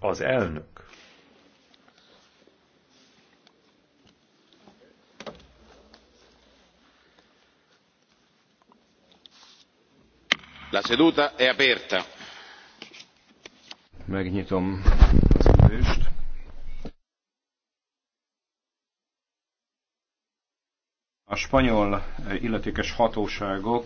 Az elnök. La seduta è aperta. Megnyitom az ülést. A spanyol illetékes hatóságok